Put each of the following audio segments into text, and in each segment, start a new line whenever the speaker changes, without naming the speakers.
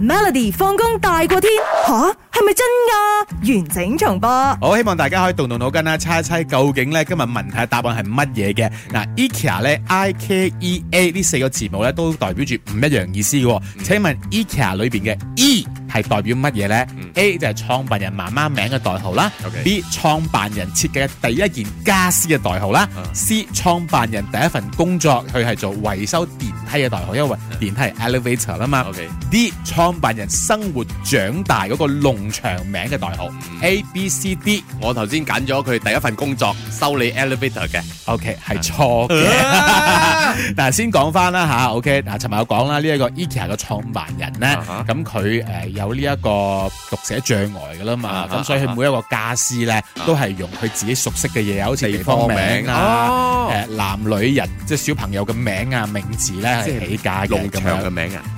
Melody 放工大過天吓，係咪真㗎？完整重播，好希望大家可以動動腦筋啦，啊，猜一猜究竟咧今日問題答案係乜嘢嘅？嗱，IKEA 咧，IKEA 呢，呢、I K E A，四個字母咧都代表住唔一樣意思嘅，哦。請問 IKEA 裏邊嘅 E？係代表乜嘢呢 A 就係創辦人媽媽名嘅代號啦。Okay. B 創辦人設計嘅第一件家私嘅代號啦。Uh. C 創辦人第一份工作佢係做維修電梯嘅代號，因為電梯係 elevator 啦嘛。Okay. D 創辦人生活長大嗰個農場名嘅代號。Uh. A B C D，我頭先揀咗佢第一份工作修理 elevator 嘅。O、okay, 啊 okay, 這個、K 係錯嘅。嗱，先講返啦吓 O K 嗱，尋日我講啦，呢一個 IKEA 個創辦人咧，咁佢誒有呢一個讀寫障礙㗎啦嘛，咁、uh huh. 所以佢每一個家私咧、uh huh. 都係用佢自己熟悉嘅嘢，好似地方名，地方名啊，誒、呃、男女人即係小朋友嘅名啊、名字咧係起價嘅咁樣。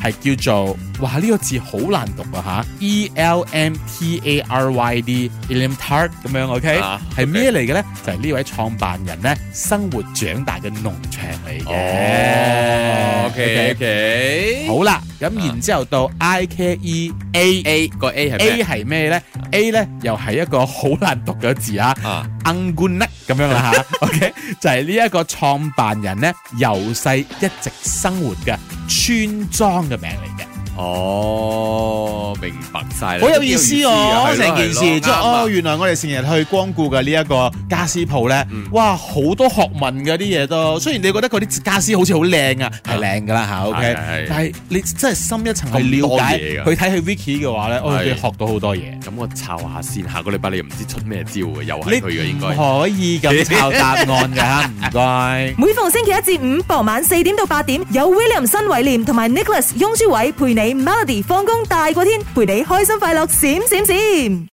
係叫做，哇呢個字好難讀啊吓，E L M T A R Y D，Elm Tart 咁樣，OK，係咩嚟嘅咧？就係呢位創辦人咧，生活長大嘅農場嚟嘅，OK OK，OK 好啦，咁然之後到 IKEA 個 A 係 A 係咩咧？A 咧，又係一個好難讀嘅字啊，Agunnaryd、uh、咁、huh. 樣啦、啊、吓 ，OK 就係呢一個創辦人咧由細一直生活嘅村莊嘅名嚟。哦，明白晒。好有意思哦！成件事即，哦，原來我哋成日去光顧嘅呢一個家私鋪咧，哇，好多學問嘅啲嘢都。雖然你覺得嗰啲家私好似好靚啊，係靚噶啦吓，OK，但係你真係深一層去了解，去睇去 wiki 嘅話咧，哦，你學到好多嘢。咁我抄下先，下個禮拜你又唔知出咩招嘅，又係佢嘅應該可以咁抄答案嘅吓，唔該。每逢星期一至五傍晚四點到八點，有 William 新偉廉同埋 Nicholas 雍書偉陪你。Melody 放工大過天，陪你開心快樂閃閃閃。